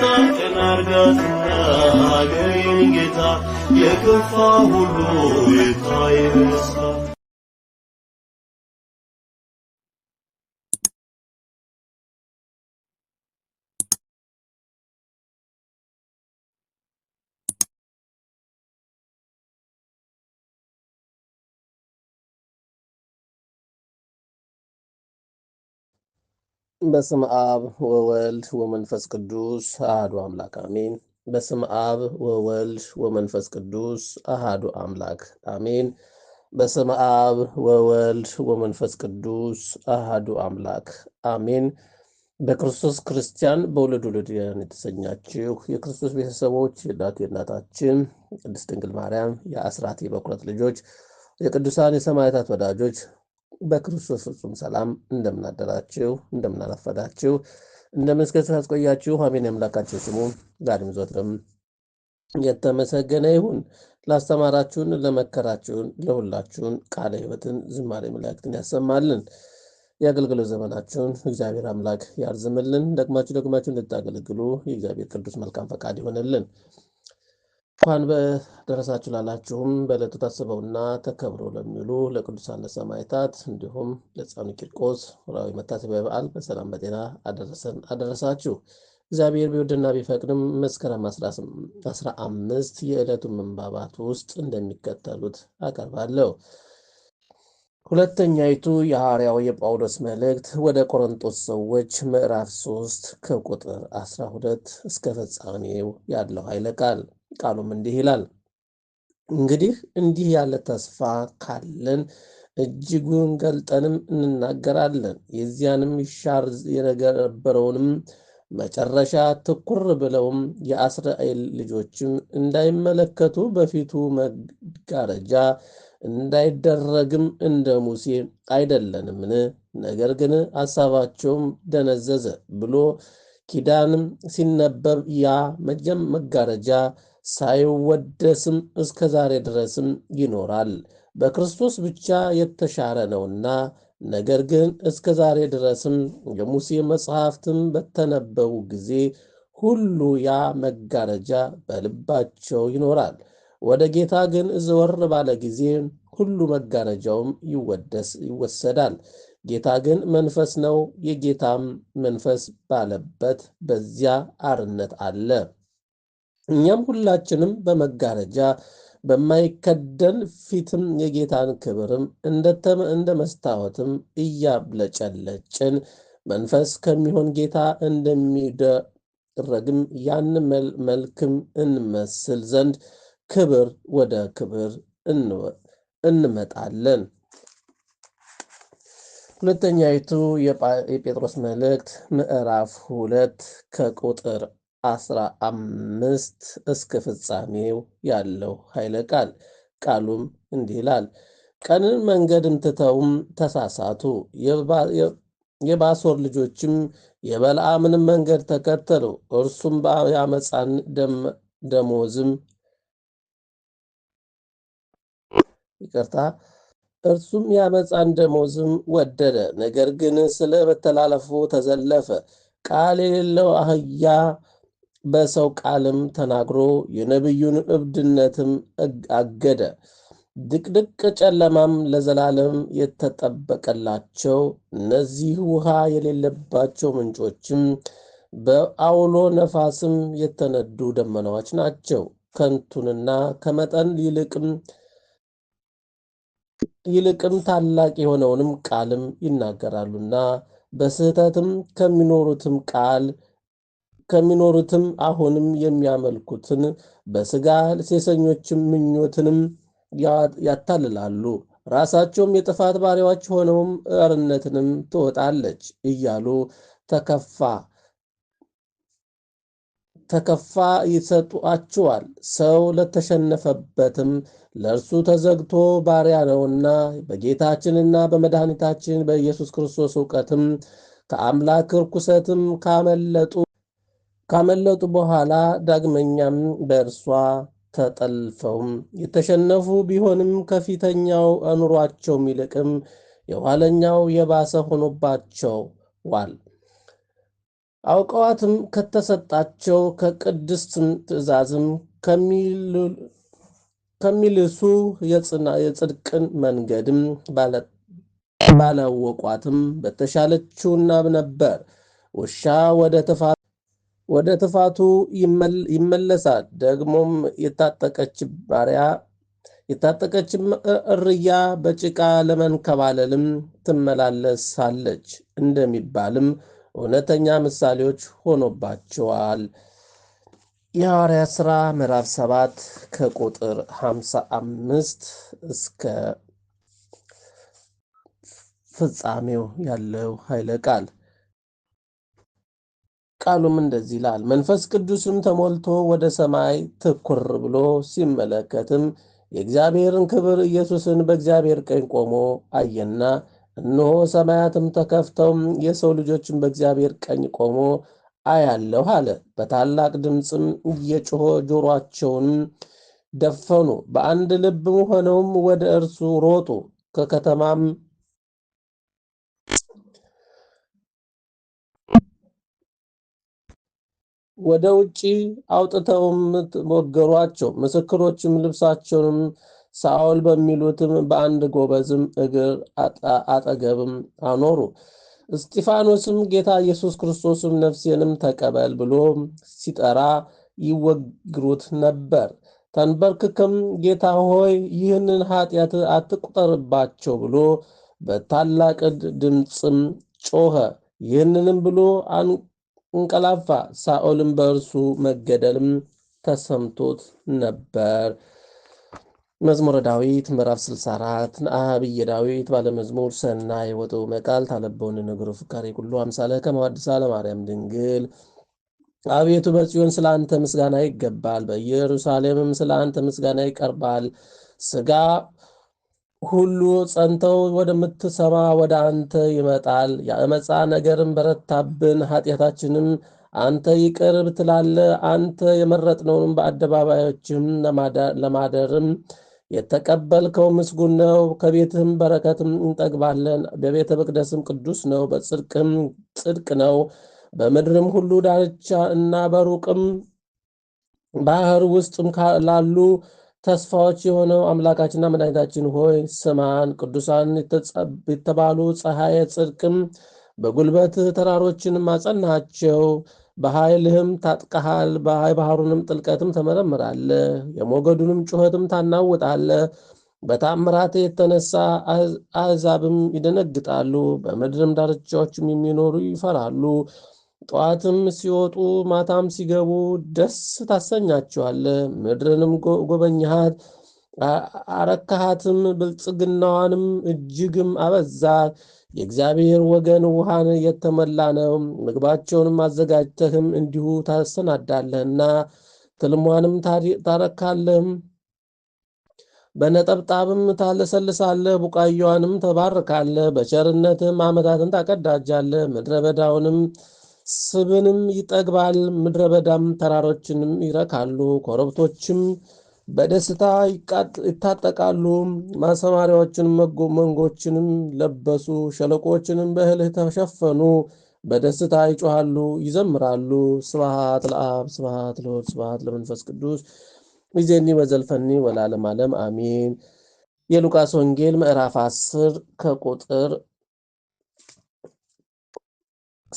ቀን አርጋት ሀገሬን ጌታ የከፋ ሁሉ የታ በስም አብ ወወልድ ወመንፈስ ቅዱስ አህዱ አምላክ አሜን። በስም አብ ወወልድ ወመንፈስ ቅዱስ አህዱ አምላክ አሜን። በስም አብ ወወልድ ወመንፈስ ቅዱስ አህዱ አምላክ አሜን። በክርስቶስ ክርስቲያን በውለድ ወለዲያን የተሰኛችሁ የክርስቶስ ቤተሰቦች የእናቱ የእናታችን ቅድስት ድንግል ማርያም የአስራት በኩረት ልጆች የቅዱሳን የሰማዕታት ወዳጆች በክርስቶስ ፍጹም ሰላም እንደምናደራችሁ እንደምናረፈዳችሁ እንደምን እስከ አሜን። የአምላካችን ስሙ ዛሬም ዘወትርም የተመሰገነ ይሁን። ላስተማራችሁን፣ ለመከራችሁን፣ ለሁላችሁን ቃለ ሕይወትን ዝማሬ መላእክትን ያሰማልን። የአገልግሎት ዘመናችሁን እግዚአብሔር አምላክ ያርዝምልን። ደግማችሁ ደግማችሁ እንድታገለግሉ የእግዚአብሔር ቅዱስ መልካም ፈቃድ ይሆንልን። እንኳን በደረሳችሁ ላላችሁም በዕለቱ ታስበውና ተከብሮ ለሚውሉ ለቅዱሳን ለሰማዕታት እንዲሁም ለሕፃኑ ቂርቆስ ወርኃዊ መታሰቢያ በዓል በሰላም በጤና አደረሰን አደረሳችሁ። እግዚአብሔር ቢወድና ቢፈቅድም መስከረም 15 የዕለቱን ምንባባት ውስጥ እንደሚከተሉት አቀርባለሁ። ሁለተኛይቱ የሐዋርያው የጳውሎስ መልእክት ወደ ቆሮንቶስ ሰዎች ምዕራፍ 3 ከቁጥር 12 እስከ ፍጻሜው ያለው ኃይለ ቃል ቃሉም እንዲህ ይላል። እንግዲህ እንዲህ ያለ ተስፋ ካለን እጅጉን ገልጠንም እንናገራለን። የዚያንም ይሻር የነበረውንም መጨረሻ ትኩር ብለውም የእስራኤል ልጆችም እንዳይመለከቱ በፊቱ መጋረጃ እንዳይደረግም እንደ ሙሴ አይደለንምን? ነገር ግን ሀሳባቸውም ደነዘዘ ብሎ ኪዳንም ሲነበብ ያ መጋረጃ ሳይወደስም እስከ ዛሬ ድረስም ይኖራል። በክርስቶስ ብቻ የተሻረ ነውና። ነገር ግን እስከ ዛሬ ድረስም የሙሴ መጽሐፍትም በተነበቡ ጊዜ ሁሉ ያ መጋረጃ በልባቸው ይኖራል። ወደ ጌታ ግን ዘወር ባለ ጊዜ ሁሉ መጋረጃውም ይወደስ ይወሰዳል። ጌታ ግን መንፈስ ነው፣ የጌታም መንፈስ ባለበት በዚያ አርነት አለ። እኛም ሁላችንም በመጋረጃ በማይከደን ፊትም የጌታን ክብርም እንደ መስታወትም እያብለጨለጭን መንፈስ ከሚሆን ጌታ እንደሚደረግም ያን መልክም እንመስል ዘንድ ክብር ወደ ክብር እንመጣለን። ሁለተኛይቱ የጴጥሮስ መልእክት ምዕራፍ ሁለት ከቁጥር አስራ አምስት እስከ ፍጻሜው ያለው ኃይለ ቃል ቃሉም እንዲህ ይላል። ቀንን መንገድም ትተውም ተሳሳቱ። የባሶር ልጆችም የበልዓምንም መንገድ ተከተሉ። እርሱም የአመፃን ደሞዝም ይቅርታ እርሱም የአመፃን ደሞዝም ወደደ። ነገር ግን ስለ መተላለፉ ተዘለፈ። ቃል የሌለው አህያ በሰው ቃልም ተናግሮ የነቢዩን እብድነትም አገደ። ድቅድቅ ጨለማም ለዘላለም የተጠበቀላቸው እነዚህ ውሃ የሌለባቸው ምንጮችም በአውሎ ነፋስም የተነዱ ደመናዎች ናቸው። ከንቱንና ከመጠን ይልቅም ይልቅም ታላቅ የሆነውንም ቃልም ይናገራሉና በስህተትም ከሚኖሩትም ቃል ከሚኖሩትም አሁንም የሚያመልኩትን በስጋ ሴሰኞችም ምኞትንም ያታልላሉ። ራሳቸውም የጥፋት ባሪያዎች ሆነውም እርነትንም ትወጣለች እያሉ ተከፋ ተከፋ ይሰጧችኋል። ሰው ለተሸነፈበትም ለእርሱ ተዘግቶ ባሪያ ነውና በጌታችንና በመድኃኒታችን በኢየሱስ ክርስቶስ እውቀትም ከአምላክ ርኩሰትም ካመለጡ ካመለጡ በኋላ ዳግመኛም በእርሷ ተጠልፈውም የተሸነፉ ቢሆንም ከፊተኛው አኑሯቸውም ይልቅም የኋለኛው የባሰ ሆኖባቸዋል። አውቀዋትም ከተሰጣቸው ከቅድስት ትእዛዝም ከሚልሱ የጽድቅን መንገድም ባላወቋትም በተሻለችውና ነበር ውሻ ወደ ተፋ ወደ ትፋቱ ይመለሳል። ደግሞም የታጠቀች እርያ በጭቃ ለመንከባለልም ትመላለሳለች እንደሚባልም እውነተኛ ምሳሌዎች ሆኖባቸዋል። የሐዋርያ ሥራ ምዕራፍ 7 ከቁጥር 55 እስከ ፍጻሜው ያለው ኃይለ ቃል ቃሉም እንደዚህ ይላል፣ መንፈስ ቅዱስም ተሞልቶ ወደ ሰማይ ትኩር ብሎ ሲመለከትም የእግዚአብሔርን ክብር ኢየሱስን በእግዚአብሔር ቀኝ ቆሞ አየና፣ እነሆ ሰማያትም ተከፍተው የሰው ልጆችን በእግዚአብሔር ቀኝ ቆሞ አያለሁ አለ። በታላቅ ድምፅም እየጮኸ ጆሮአቸውን ደፈኑ፣ በአንድ ልብም ሆነውም ወደ እርሱ ሮጡ። ከከተማም ወደ ውጪ አውጥተውም ወገሯቸው። ምስክሮችም ልብሳቸውንም ሳኦል በሚሉትም በአንድ ጎበዝም እግር አጠገብም አኖሩ። እስጢፋኖስም ጌታ ኢየሱስ ክርስቶስም ነፍሴንም ተቀበል ብሎ ሲጠራ ይወግሩት ነበር። ተንበርክክም ጌታ ሆይ ይህንን ኃጢአት አትቁጠርባቸው ብሎ በታላቅ ድምፅም ጮኸ። ይህንንም ብሎ እንቀላፋ። ሳኦልም በእርሱ መገደልም ተሰምቶት ነበር። መዝሙረ ዳዊት ምዕራፍ 64 አብየ ዳዊት ባለመዝሙር ሰና የወጡ መቃል ታለበውን ንግሩ ፍካሬ ኩሉ አምሳለ ከመዋድሳ ለማርያም ድንግል አቤቱ በጽዮን ስለ አንተ ምስጋና ይገባል፣ በኢየሩሳሌምም ስለ አንተ ምስጋና ይቀርባል። ስጋ ሁሉ ጸንተው ወደምትሰማ ወደ አንተ ይመጣል። የአመፃ ነገርም በረታብን፣ ኃጢአታችንም አንተ ይቅር ብትላለ። አንተ የመረጥነውንም በአደባባዮችም ለማደርም የተቀበልከው ምስጉን ነው። ከቤትህም በረከትም እንጠግባለን። በቤተ መቅደስም ቅዱስ ነው፣ በጽድቅም ጽድቅ ነው። በምድርም ሁሉ ዳርቻ እና በሩቅም ባህር ውስጥም ላሉ ተስፋዎች የሆነው አምላካችንና መድኃኒታችን ሆይ ስማን። ቅዱሳን የተባሉ ፀሐይ ጽድቅም በጉልበትህ ተራሮችን ማጸናቸው በኃይልህም ታጥቀሃል። ባህሩንም ጥልቀትም ተመረምራለህ። የሞገዱንም ጩኸትም ታናውጣለህ። በታምራት የተነሳ አሕዛብም ይደነግጣሉ፣ በምድርም ዳርቻዎችም የሚኖሩ ይፈራሉ። ጠዋትም ሲወጡ ማታም ሲገቡ ደስ ታሰኛቸዋለ። ምድርንም ጎበኝሃት አረካሃትም፣ ብልጽግናዋንም እጅግም አበዛት። የእግዚአብሔር ወገን ውሃን የተመላ ነው። ምግባቸውንም አዘጋጅተህም እንዲሁ ታሰናዳለህና ትልሟንም ታረካለህም በነጠብጣብም ታለሰልሳለህ። ቡቃያዋንም ተባርካለህ። በቸርነትም አመታትን ታቀዳጃለህ። ምድረ በዳውንም ስብንም ይጠግባል። ምድረ በዳም ተራሮችንም ይረካሉ፣ ኮረብቶችም በደስታ ይታጠቃሉ። ማሰማሪያዎችን መንጎችንም ለበሱ፣ ሸለቆችንም በእህል ተሸፈኑ። በደስታ ይጮሃሉ፣ ይዘምራሉ። ስብሃት ለአብ ስብሃት ለወልድ ስብሃት ለመንፈስ ቅዱስ ይዜኒ በዘልፈኒ ወላለም አለም አሚን። የሉቃስ ወንጌል ምዕራፍ 10 ከቁጥር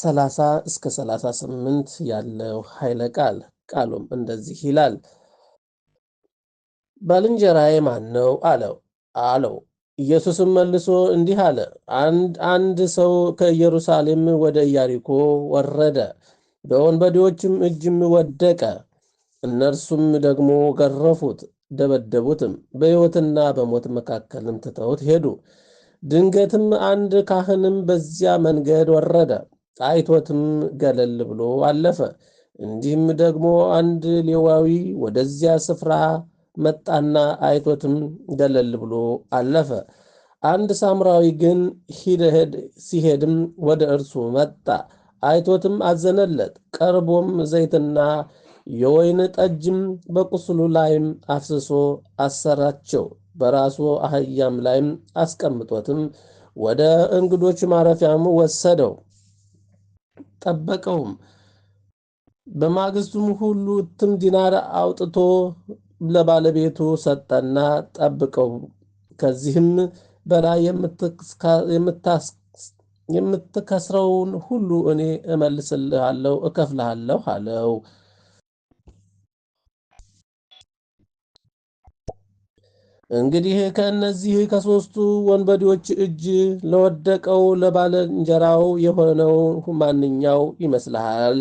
30 እስከ 38 ያለው ኃይለ ቃል ቃሉም እንደዚህ ይላል። ባልንጀራዬ ማን ነው አለው አለው። ኢየሱስም መልሶ እንዲህ አለ፣ አንድ ሰው ከኢየሩሳሌም ወደ ኢያሪኮ ወረደ፣ በወንበዴዎችም እጅም ወደቀ። እነርሱም ደግሞ ገረፉት፣ ደበደቡትም፣ በሕይወትና በሞት መካከልም ትተውት ሄዱ። ድንገትም አንድ ካህንም በዚያ መንገድ ወረደ አይቶትም ገለል ብሎ አለፈ። እንዲህም ደግሞ አንድ ሌዋዊ ወደዚያ ስፍራ መጣና አይቶትም ገለል ብሎ አለፈ። አንድ ሳምራዊ ግን ሲሄድም ወደ እርሱ መጣ፣ አይቶትም አዘነለት። ቀርቦም ዘይትና የወይን ጠጅም በቁስሉ ላይም አፍስሶ አሰራቸው። በራሱ አህያም ላይም አስቀምጦትም ወደ እንግዶች ማረፊያም ወሰደው። ጠበቀውም። በማግስቱም ሁሉ እትም ዲናር አውጥቶ ለባለቤቱ ሰጠና ጠብቀው፣ ከዚህም በላይ የምትከስረውን ሁሉ እኔ እመልስልሃለሁ፣ እከፍልሃለሁ አለው። እንግዲህ ከእነዚህ ከሶስቱ ወንበዴዎች እጅ ለወደቀው እንጀራው የሆነው ማንኛው ይመስልሃል?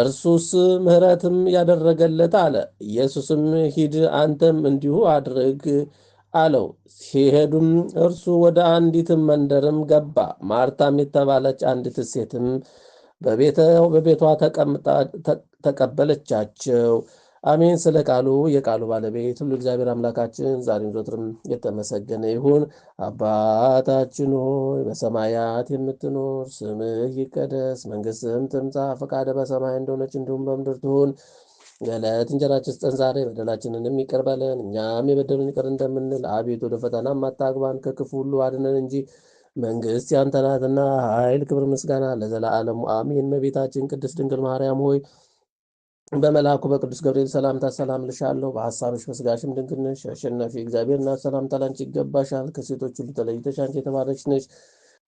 እርሱስ ምሕረትም ያደረገለት አለ። ኢየሱስም ሂድ አንተም እንዲሁ አድርግ አለው። ሲሄዱም እርሱ ወደ አንዲትም መንደርም ገባ። ማርታም የተባለች አንዲት ሴትም በቤቷ ተቀበለቻቸው። አሜን። ስለ ቃሉ የቃሉ ባለቤት ሁሉ እግዚአብሔር አምላካችን ዛሬም ዘወትርም የተመሰገነ ይሁን። አባታችን ሆይ በሰማያት የምትኖር ስምህ ይቀደስ፣ መንግስትም ትምጣ፣ ፈቃደ በሰማይ እንደሆነች እንዲሁም በምድር ትሁን። የዕለት እንጀራችን ስጠን ዛሬ፣ በደላችንን የሚቅር በለን እኛም የበደሉን ይቅር እንደምንል፣ አቤት ወደ ፈተና አታግባን፣ ከክፉ ሁሉ አድነን እንጂ መንግስት ያንተ ናትና፣ ኃይል፣ ክብር፣ ምስጋና ለዘላለሙ አሜን። እመቤታችን ቅድስት ድንግል ማርያም ሆይ በመልአኩ በቅዱስ ገብርኤል ሰላምታ ሰላም ልሻለሁ። በሀሳብሽ በስጋሽም ድንግል ነሽ። አሸናፊ እግዚአብሔር እናት ሰላምታ ላንቺ ይገባሻል። ከሴቶች ሁሉ ተለይተሽ አንቺ የተባረክሽ ነሽ፣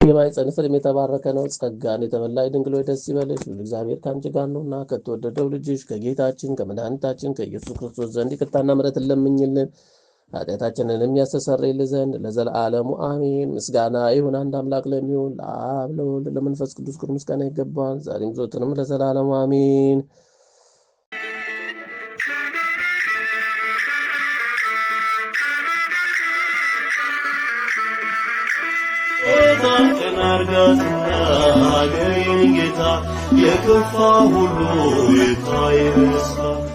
የማኅፀንሽ ፍሬም የተባረከ ነው። ጸጋን የተመላሽ ድንግል ሆይ ደስ ይበልሽ፣ ሁሉ እግዚአብሔር ከአንቺ ጋር ነውና ከተወደደው ልጅሽ ከጌታችን ከመድኃኒታችን ከኢየሱስ ክርስቶስ ዘንድ ይቅርታና ምሕረት ለምኝልን ኃጢአታችንን የሚያስተሰርይልን ዘንድ ለዘለዓለሙ አሜን። ምስጋና ይሁን አንድ አምላክ ለሚሆን ለአብ ለወልድ ለመንፈስ ቅዱስ ክብር ምስጋና ይገባዋል፣ ዛሬም ዘወትርም ለዘላለሙ አሜን። ጌታ ቀናርጋ ስናገኝ ጌታ የከፋ ሁሉ ይታይ